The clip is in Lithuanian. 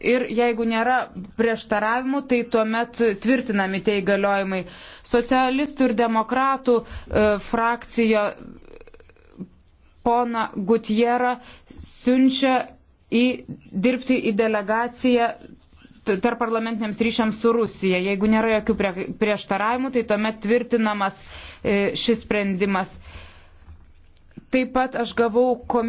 ir jeigu nėra prieštaravimų, tai tuomet tvirtinami tie įgaliojimai. Socialistų ir demokratų e, frakcija pona Gutierą siunčia į, dirbti į delegaciją tarp parlamentiniams ryšiams su Rusija. Jeigu nėra jokių prie, prieštaravimų, tai tuomet tvirtinamas e, šis sprendimas. Taip pat aš gavau komisiją.